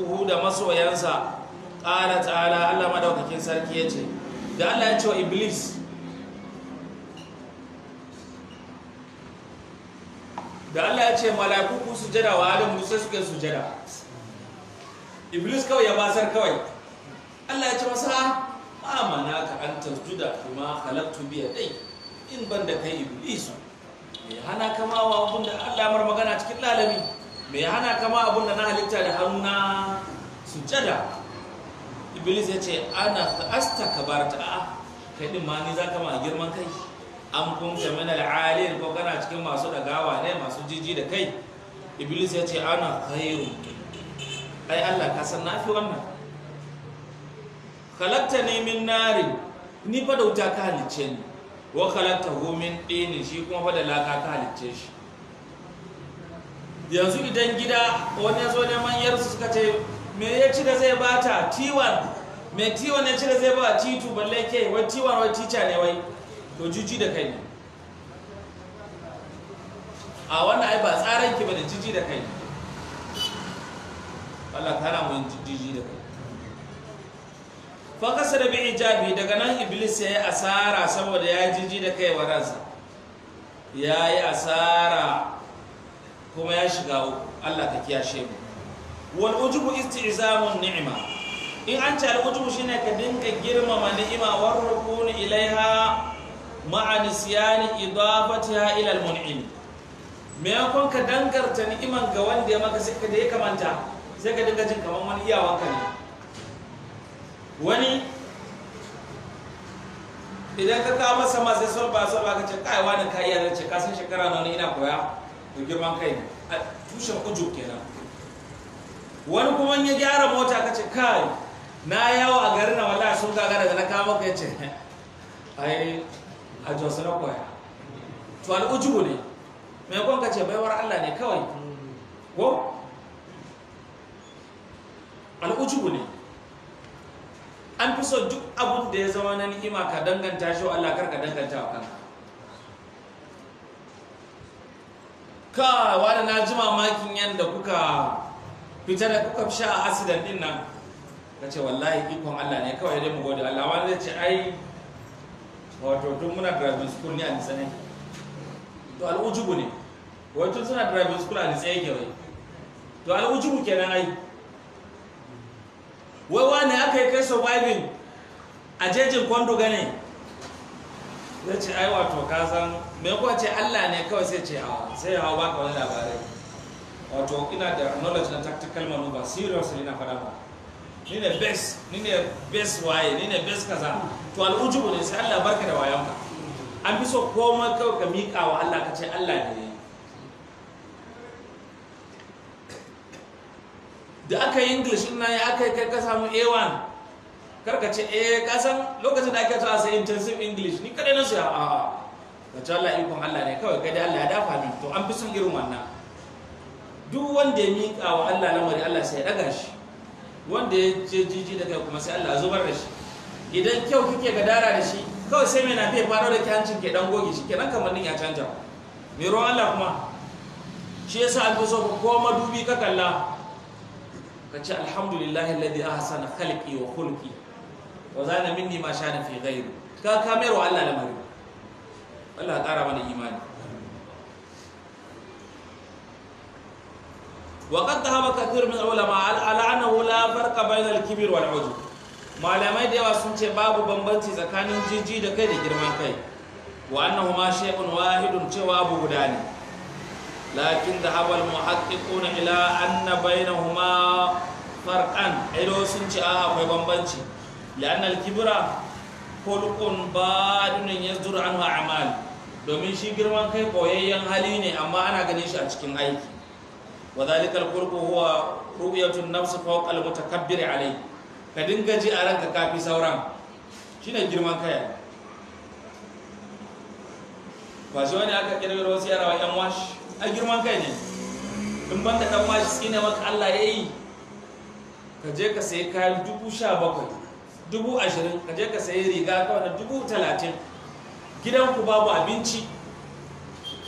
uhu da masoyansa Ƙara tsara Allah madaukakin sarki ya ce da Allah ya ce wa iblis da Allah ya ce malakuku su jada wa adam musa suke su jada. iblis kawai ya basar kawai Allah ya ce masa amana ka an tasjuda kuma halattu biya dai in ban da kai iblis me hana kama wa abun da Allah mar magana cikin lalami me hana kama abun da na halitta da hannu su sujada iblis ya ce ana ka ta a kai din ma ni zaka ma girman kai an kunta min al'alin ko kana cikin masu gawa ne masu jiji da kai iblis ya ce ana khairu ai Allah ka san na fi wannan khalaqta ni min nari ni fa da wuta ka halicce ni wa khalaqta hu min dini shi kuma fa da laka ka halicce shi yanzu idan gida wani ya zo neman yarsu suka ce me ya ci da zai bata t1 me t1 ya ci da zai ba t2 balle ke wai t1 wai teacher ne wai to jiji da kai ne a wannan ai ba tsarin ki ba da jiji da kai Allah ka hana mu jiji da kai sa da bi ijabi daga nan iblis ya yi asara saboda ya yi jiji da kai wa ransa ya yi asara kuma ya shiga Allah ta kiyashe mu wal ujubu isti'zamun ni'ima in an ce al shine ka dinka girmama ni'ima war rukun ilaiha ma'a nisyani idafatiha ila al mun'im me yakon ka dangarta ni'iman ga wanda ya maka ya kamanta sai ka dinga jin kaman wani iyawanka ne wani idan ka kawo masa ma sai son ba son ba ka ce kai wani ka iya zance ka san shekara na ina koya da girman kai ne a tushen ujuk kenan wani kuma ya gyara mota ka ce kai na yawo a garin na wala sun gagara da na kama ka ce eh, ai a jos na koya to al'ujubu ne mai kwan ka ce baiwar allah ne kawai ko al'ujubu ne an fi so duk abin da ya zama na ni'ima ka danganta shi wa allah kar ka danganta wa kanka ka wani na ji mamakin yadda kuka fita da kuka sha a asidan din nan ka ce wallahi ikon Allah ne kawai dai mu gode Allah wani zai ce ai wato tun muna driving school ne a nisa ne to al'ujubu ne wai tun suna driving school a nisa yake wai to al'ujubu kenan ai wai wani aka yi kai surviving a jejin kwando gane zai ce ai wato ka san me kuwa ce Allah ne kawai sai ce hawa sai hawa baka wani labarai wato ina da knowledge na tactical maneuver seriously na fara ba ni ne best ni ne best waye ni ne best kaza to ujubu ne sai Allah barka da ka an fi so komai kawai ka miƙa wa Allah ka ce Allah ne da aka yi english din nan aka yi kai ka samu a1 karka ce eh kasan lokacin da ake zuwa sai intensive english ni kada na su a a ka ce Allah ikon Allah ne kawai ka da Allah ya dafa ni to an fi son irin wannan duk wanda ya miƙa wa Allah lamari Allah sai ya ɗaga shi wanda ya je jiji daga kuma sai Allah zubar da shi idan kyau kike gadara da shi kawai sai mai nafi ya faro da ke hancin ke dan goge shi kenan kamar din ya canja mai ruwan Allah kuma shi yasa sa fi ko madubi ka kalla ka ce alhamdulillahi a ahsana khalqi wa khulqi wa zana minni ma shana fi ghayri ka kamar wa Allah lamari Allah ya kara mana imani وقد ذهب كثير من العلماء على انه لا فرق بين الكبر والعجب malamai da yawa sun ce babu bambanci tsakanin jiji da kai da girman kai wa annahuma shay'un wahidun cewa abu guda ne lakin dhahaba al muhaqqiquna ila anna bainahuma farqan ido sun ce a akwai bambanci la'anna al kibra khulqun badun yazdur anhu a'mal domin shi girman kai koyayyen hali ne amma ana ganin shi a cikin aiki wa zalikal qurbu huwa ru'yatun nafs fawqa al-mutakabbir alayhi ka dinga ji a ranka kafi sauran shine girman kaya ba shi wani aka kirkiro wasu yara wa yan wash a girman kai ne in ban da dan wash tsine maka Allah yayi ka je ka sayi kayan dubu sha bakwai dubu ashirin ka je ka sayi riga kawai na dubu talatin gidanku babu abinci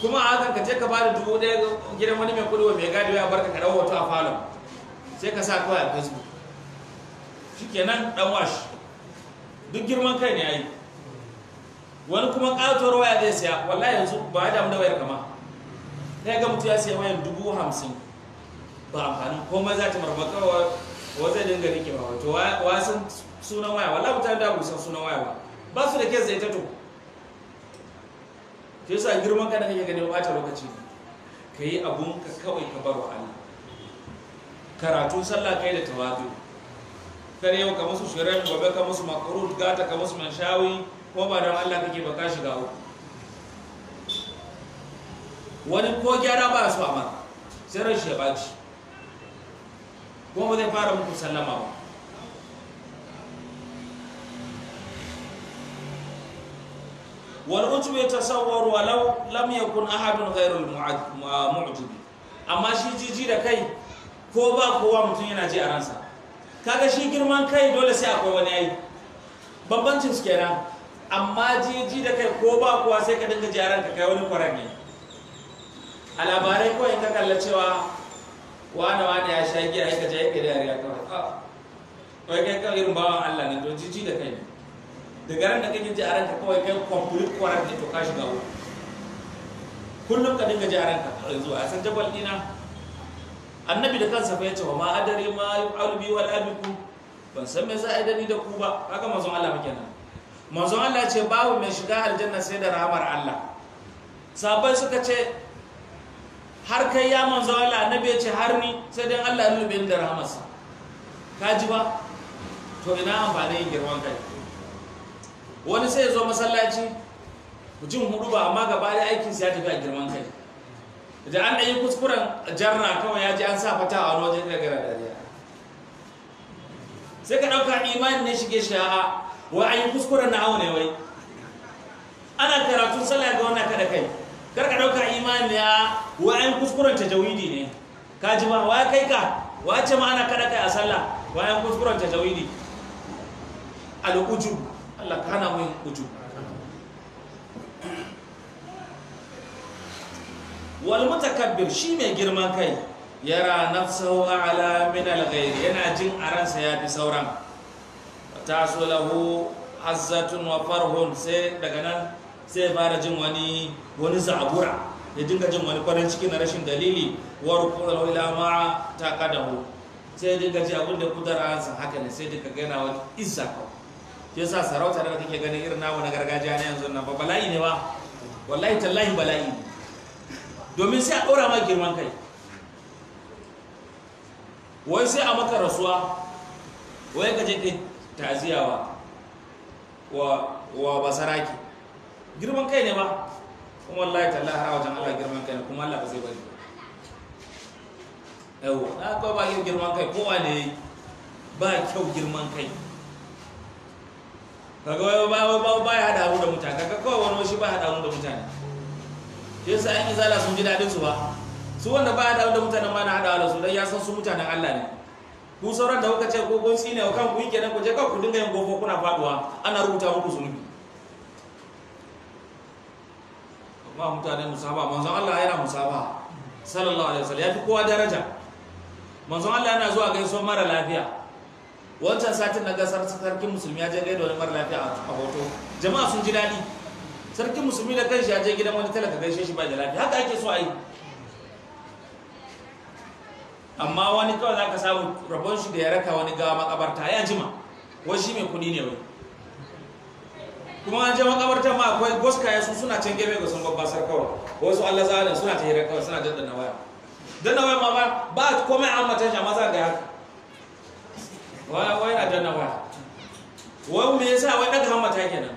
kuma a hakan ka je ka bada dubu ɗaya gidan wani mai kudu mai gadi ya barka ka dawo wato a falon sai ka sa kawai a facebook nan dan wash duk girman kai ne yi. wani kuma katuwar waya zai siya wallahi yanzu ba ya damu da wayar kama na ga mutu ya siya wayan dubu hamsin ba amfani komai za ta kawai wa zai dinga rike ba wato wasan sunan waya wallahi mutane da abu san sunan waya ba ba su da ke zai ta to shi yasa girman ka da kake gani ba ta lokaci ka yi abun ka kawai ka bar wa Allah karatu sallah kai da tawadu kare yau ka musu shirin gobe ka musu makarut gata ka musu manshawi ko ba don Allah kake ba ka shiga uku wani ko gyara ba su amma sai rashin shabaci ko ba zai fara muku sallama ba Wani والعجب يتصور ولو لم يكن أحد غير المعجب أما شي جيجي da kai ko ba kowa mutum yana ji a ransa kaga shi girman kai dole sai akwai wani yayi bambancin su kenan amma jiji da kai ko ba kowa sai ka dinga jaran ka kai wani kwaran ne a labarai kawai ka kalla cewa wani wani ya sha giya ya kaje ya kira ya kawai ah, kai kawai irin bawan Allah ne to jiji da kai ne daga garin da kake ji a ranka kawai kai complete quarantine to ka shiga uku kullum ka dinga ji a ranka yanzu a san jabal dina annabi da kansa fa yace wa ma adari ma yu'alu bi wala bikum ban san me za a dani da ku ba kaga manzon Allah muke nan manzon Allah ce babu mai shiga aljanna sai da rahmar Allah sabai suka ce har kai ya manzo Allah annabi ya ce har ni sai dan Allah ya lube da rahamarsa ka ji ba to ina amfani girman kai wani sai ya zo masallaci mutum hudu ba amma gaba da aikinsa ya tafi a girman kai da an ɗanyi kuskuren jarna kawai ya ji an sa fata a wani wajen gagara dariya sai ka ɗauka imani ne shige shi a wa an yi kuskuren na aune wai ana karatun sallah ga wannan kada kai kar ka ɗauka imani ne a wa an yi kuskuren tajawidi ne ka ji ba wa kai ka wa ce ma ana kada kai a sallah wa an yi kuskuren tajawidi al-ujub Allah ka hana wal mutakabbir shi mai girman kai yara nafsahu a'la min al-ghayr yana jin a ransa ya fi sauran ta so lahu hazzatun wa farhun sai daga nan sai fara jin wani wani zabura ya dinga jin wani farin ciki na rashin dalili wa rukunar ila ma ta kadahu sai dinga ji abin da kudara haka ne sai dinga gana wani izza shi yasa sarauta da kake ganin irin namu na gargajiya na yanzu nan ba bala'i ne ba wallahi tallahi bala'i ne domin sai a ɗora ma girman kai wai sai a maka rasuwa wai ka je taziya wa wa basaraki girman kai ne ba kuma wallahi tallahi har wajen Allah girman kai ne kuma Allah ba zai bari yau na kawai ba yau girman kai kowa ne ba kyau girman kai kaga wai ba ba ba ya hada da mutane kaga kawai wani shi ba hada da mutane shi yasa an izala sun ji dadin su ba su wanda ba hada da mutane ma na hada da su dan ya san su mutanen Allah ne ku sauran da kuka ce ko kun tsine kan ku yi kenan ku je kan ku dinga yin gofo kuna faduwa ana rubuta muku zunubi amma mutanen musaba manzon Allah yana musaba sallallahu alaihi wasallam ya fi kowa daraja manzon Allah yana zuwa gaisuwar mara lafiya wancan satin na gasar sarkin musulmi ya je da wani mara lafiya a hoto jama'a sun ji daɗi sarkin musulmi da kanshi ya je gidan wani talaka gaishe shi ba da lafiya haka ake so a yi amma wani kawai za ka samu rabon shi da ya raka wani gawa makabarta ya jima wai shi mai kuɗi ne wai kuma an je makabarta ma akwai goska ya su suna can gefe ga sun babba sarkawa wasu allah tsarin suna ta hira kawai suna jaddana waya daddana waya ma ba komai an matan shi amma za ga haka wai wai na danna waya wai me yasa wai daga hammata kenan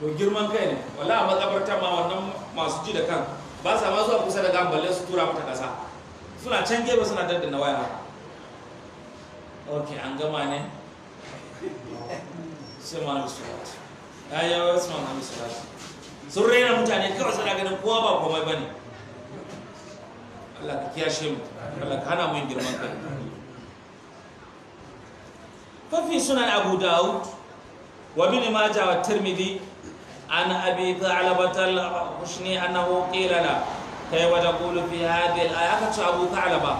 to girman kai ne wala a matsabarta ma wannan masu ji da kan ba sa ma zuwa kusa da gamballe su tura mata kasa suna can gefe suna daddana waya ok an gama ne sai ma na musu ya yi yawa su ma na musu sun raina mutane kawai suna ganin kowa ba komai ba ne Allah ka kiyashe mu Allah ka hana mu girman kai ففي سنن أبو داود وابن ماجه والترمذي عن أبي ثعلبة الحشني أنه قيل له كيف تقول في هذه الآية أبو ثعلبة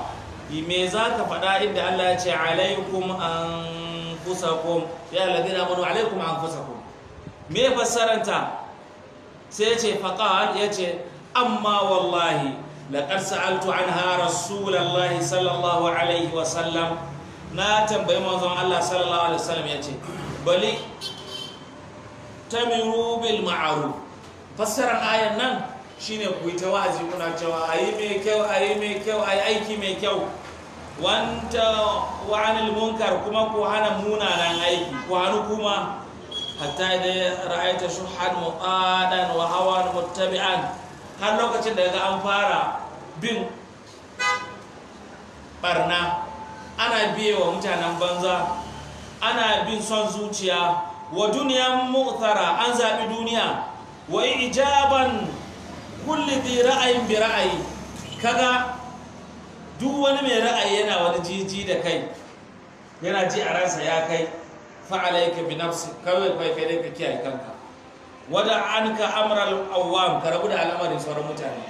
بميزاك فدائد الله عليكم أنفسكم يا الذين آمنوا عليكم أنفسكم me fassaranta sai ce faqal yace amma wallahi laqad sa'altu anha rasulullahi sallallahu alaihi wa sallam na tambayi manzon Allah sallallahu alaihi wasallam yace bali tamiru bil ma'ruf fassarar ayan nan shine ku yi ta wa'azi kuna cewa ayi mai kyau ayi mai kyau ayi aiki mai kyau wanta wa anil munkar kuma ku hana munanan aiki ku hanu kuma hatta da ra'aita shuhan mu'adan wa hawan muttabi'an har lokacin da ga an fara bin barna ana biye wa mutanen banza ana bin son zuciya wa duniyan mu'tara an zaɓi duniya wa ijaban kulli dhi ra'ayin bi ra'ayi kaga duk wani mai ra'ayi yana wani jiji da kai yana ji a ransa ya kai fa alayka bi nafsi kawai kai kai ka kiyaye kanka wada ka amral awam ka rabu da al'amarin sauran mutane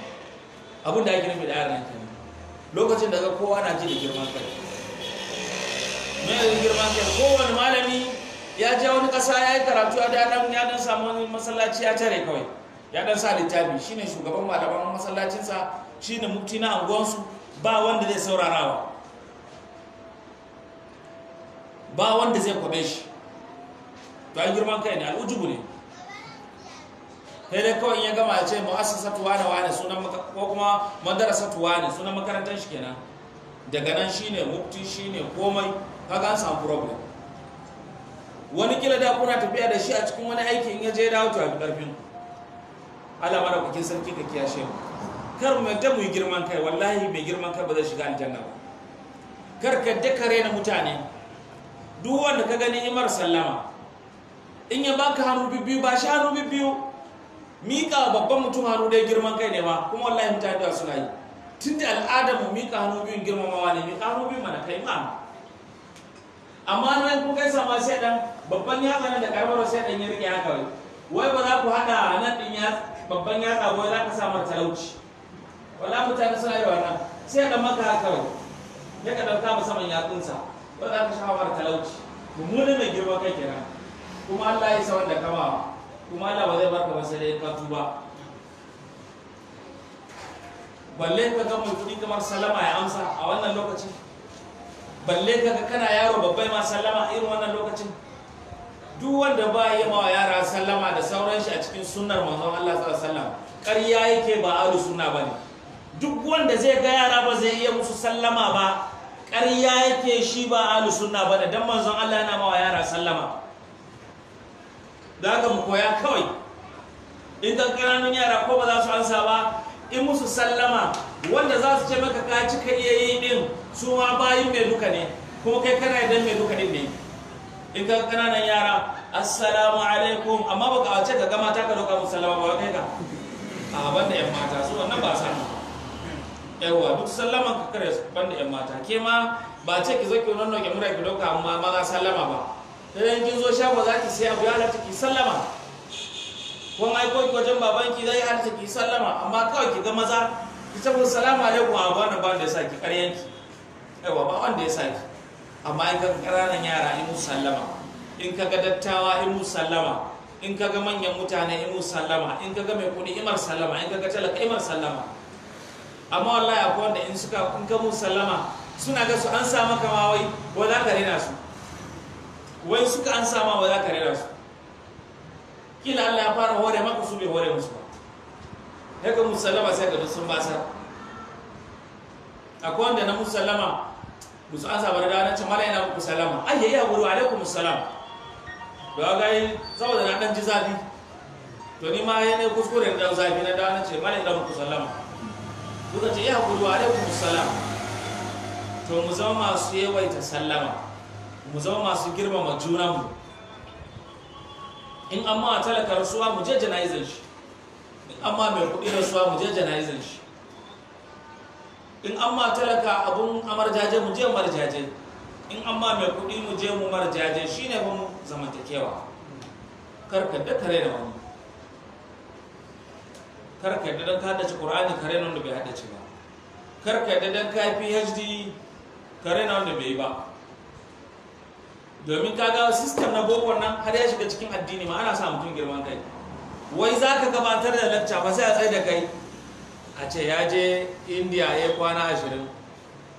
abin da ake nufi da yaran kenan lokacin da ga kowa na ji da girman kai mai girma ke kowane malami ya je wani ƙasa ya yi karatu ya dan ya dan samu masallaci ya tare kawai ya dan sa littafi shine shugaban malaman masallacinsa shine mukti na anguwansu ba wanda zai saurarawa ba wanda zai kwabe shi to ai girman kai ne al'ujubu ne sai kawai kawai ya gama ce mu'assasatu tuwane wane sunan ko kuma madarasa tuwane sunan makarantar shi kenan daga nan shine shi shine komai kaga an samu problem wani kila da kuna tafiya da shi a cikin wani aiki in ya je dawo ta a karfin Allah mara kukin sarki ka kiyashe mu kar mu yadda mu yi girman kai wallahi mai girman kai ba zai shiga aljanna ba kar ka daka rena mutane duk wanda ka gani imar sallama in ya baka hannu bibbiyu ba shi hannu bibbiyu mika babban mutum hannu dai girman kai ne ma kuma wallahi mutane da suna yi Tunda al'adar mu mika hannu biyun girmamawa ne mika hannu biyu mana kai ma amma nan ku kai sama sai dan babban yatsa nan da karamar sai dan ya rike haka wai wai ba za ku hada nan din ya babban yatsa ba za ka sa talauci wala mutane suna yi wannan sai dan maka haka wai ya ka dauka musamman yatsunsa ba za ka shafa talauci mummunan mai girma kai kira kuma Allah ya sa da kama kuma Allah ba zai barka ba sai dai ka tuba balle ka ga mutum kamar salama ya amsa a wannan lokacin balle kaga kana yaro babbai ma sallama irin wannan lokacin duk wanda ba yi ma yara sallama da sauran shi a cikin sunnar manzon Allah sallallahu alaihi ƙarya yake ba alu sunna bane duk wanda zai ga yara ba zai iya musu sallama ba ƙarya yake shi ba alu sunna bane dan manzon Allah yana ma yara sallama da haka mu koya kawai in kan ƙananun yara ko ba za su ansa ba in musu sallama wanda za su ce maka ka cika iya yi din su ma bayin mai duka ne kuma kai kana don mai duka din ne in ka kananan yara assalamu alaikum amma baka wace ka gama ta ka doka musu sallama ba kai ka a banda yan mata su wannan ba san yawa duk sallaman ka kare su banda yan mata ke ma ba ce ki zaki ki wannan ki mura ki doka amma maza sallama ba dan kin zo shago za ki sai abu ya halatta ki sallama kun ko ki wajen babanki zai arziki ki sallama amma kawai ki ga maza ki ce salama salamu alaikum a na ba da saki karyanki aiwa ba wanda ya saki amma in ka ƙananan yara in sallama in ka ga dattawa in sallama in ka ga manyan mutane in sallama in ka ga mai kuɗi imar sallama in ka ga talaka imar sallama amma wallahi akwai wanda in suka in ka sallama suna ga su an sa maka ma wai wa za ka rena su wai suka an sa ma wa za ka rena su kila Allah ya fara hore maka su bai hore musu ba haka musallama sai ga sun basa akwai wanda na musallama musu an sabar da ranar cimala yana muku salama ai yayi hakuri wa alaikum salam da ga yi saboda na dan ji zafi to ni ma yana kuskure da dan zafi na da ce mala yana muku salama duka ce ya hakuri wa alaikum salam to mu zama masu yawaita sallama mu zama masu girmama junanmu in amma a talaka rasuwa mu je jana'izar shi in amma mai kudi rasuwa mu je jana'izar shi in amma talaka abun amarjaje mu je marjaje in amma mai kudi mu je mu marjaje shi ne mu zamantakewa karka da kare da wani karka da kada ka ci qur'ani kare nan da bai hada ci ba karka da kafi ka phd kare nan da bai ba domin kaga system na boko nan har ya shiga cikin addini ma ana sa mutum girman kai wai za ka gabatar da lacca ba sai a tsaye da kai a ce ya je india ya kwana ashirin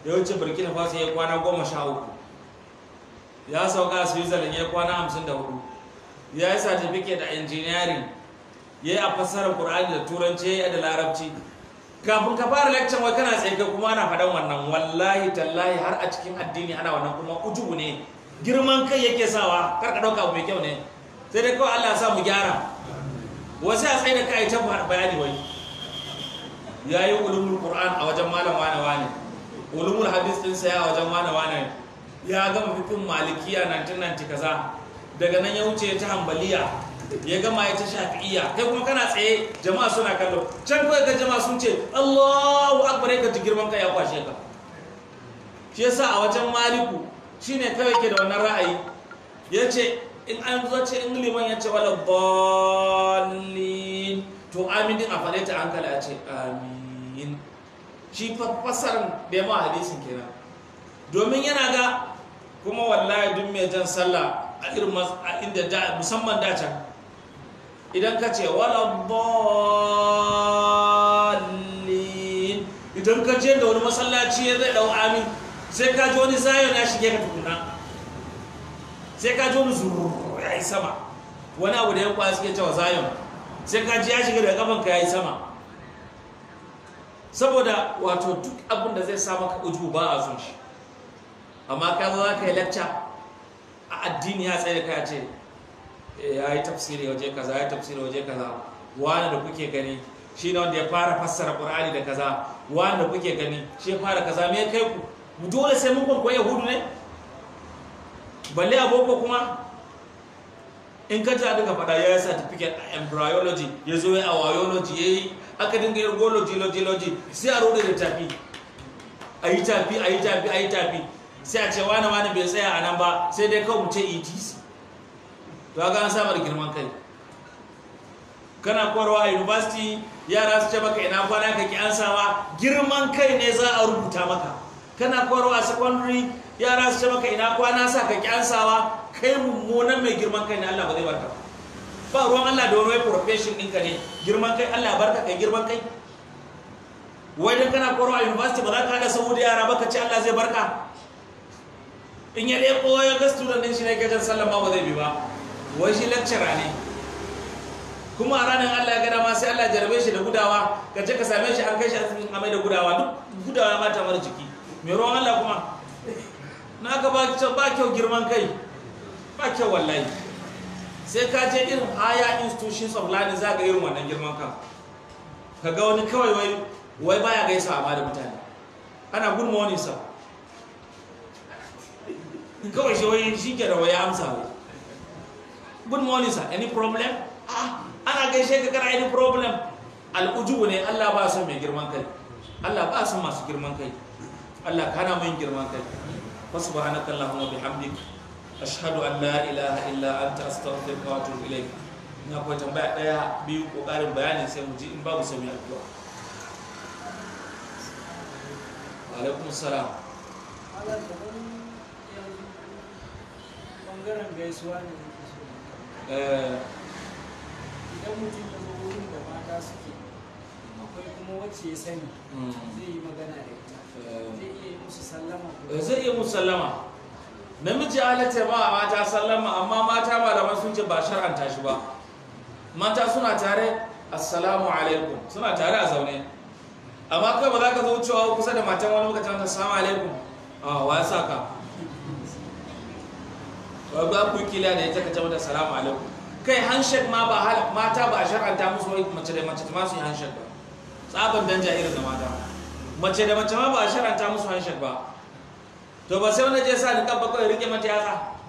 ya wuce burkina faso ya kwana goma sha uku ya sauka a switzerland ya kwana hamsin da hudu ya yi certificate da engineering ya yi a fassarar kur'ani da turanci ya yi da larabci kafin ka fara laccan wai kana tsaye kuma ana faɗan wannan wallahi tallahi har a cikin addini ana wannan kuma ujubu ne girman kai yake sawa karka ɗauka mai kyau ne sai dai kawai Allah sa mu gyara wasu a tsaye da kai ta bayani wai ya yi ulumul qur'an a wajen malam wane wane ulumul hadis din sai a wajen wane wane ya gama fikin malikiya 1990 kaza daga nan ya wuce ta hambaliya ya gama ya ta shafi'iya kai kuma kana tsaye jama'a suna kallo can kawai ga jama'a sun ce Allahu akbar ka ji girman kai ya kwashe ka shi yasa a wajen maliku ne kawai ke da wannan ra'ayi Ya ce, in an zo ce in liman ce wala ballin" to amin din a faɗe ta hankali a ce amin shi fassarar bai ma hadisin kenan domin yana ga kuma wallahi duk mai jan sallah a irin inda da musamman da idan ka ce wala ballin" idan ka je da wani masallaci ya zai dau amin sai ka ji wani zayon ya shige ka tukuna sai ka ji wani zuru ya yi sama wani abu da ya kwa suke cewa zayon sai ka ji ya shiga daga kafanka ya yi sama saboda wato duk abin da zai sa ka ujubu ba a sun shi amma ka za ka yi lacca a addini ya tsaye ka ce eh, ya yi tafsiri waje kaza ya yi tafsiri waje kaza wani da kuke gani shi ne wanda ya fara fassara ƙur'ani da kaza wani da kuke gani shi ya fara kaza me kai ku mu dole sai mun kwankwaye yahudu ne balle a boko kuma in ka ji duka fada ya yi certificate a embryology ya zo ya a wayology ya yi aka dinga yin gology logy sai a rode da tafi a yi tafi a yi tafi a yi tafi sai a ce wani wani bai tsaya a nan ba sai dai kawu mu ce etc to ga an samar girman kai kana kwarwa a university yara su ce maka ina kwana ka ki an sama girman kai ne za a rubuta maka kana koyarwa a secondary yara su ce maka ina kwana sa ka kyansawa kai mummunan mai girman kai ne Allah ba zai barka ba ruwan Allah da wani profession ɗinka ne girman kai Allah barka kai girman kai wai dan kana koyarwa a university ba za ka haɗa sahu da yara ba ka ce Allah zai barka in ya ɗaya ya ga student ɗin shi ne gajen sallan ba ba zai bi ba wai shi lecturer ne kuma a ranar Allah ya gada ma sai Allah jarabe shi da gudawa ka ce ka same shi an kai shi asibitin amai da gudawa duk gudawa ya ta mara jiki mai ruwan Allah kuma na ga ba kyau girman kai ba kyau wallahi sai ka je irin haya institutions of learning za ga irin wannan girman ka ka ga wani kawai wai wai baya gaisa amma da mutane ana good morning sir kawai shi wai shi ke da waya amsa wai good morning sir any problem ah ana gaishe ka kana any problem al'ujubu ne Allah ba su mai girman kai Allah ba su masu girman kai Allah kana mun girman kai wa subhanaka allahumma bihamdik ashhadu an la ilaha illa anta astaghfiruka wa atubu ilaik ina kuma tambaya daya biyu kokarin bayani sai mu ji in babu addu'a wa alaikum salam bangaren eh. da Eh, zai iya musu sallama namiji halatta ba a mata sallama amma mata malaman sun ce ba shar'anta shi ba mata suna tare assalamu alaikum suna tare a zaune amma kai ba za ka zo cewa kusa da matan wani lokacin ta samu alaikum a wa ya saka ba ku kila da ya taka ce mata salamu alaikum kai handshake ma ba mata ba a shar'anta musu wani mace da mace ma masu yi handshake ba tsabar danja irin da mata mace da mace ma ba a sharanta musu handshake ba to ba sai wanda je sa ni ba kawai rike mata yatsa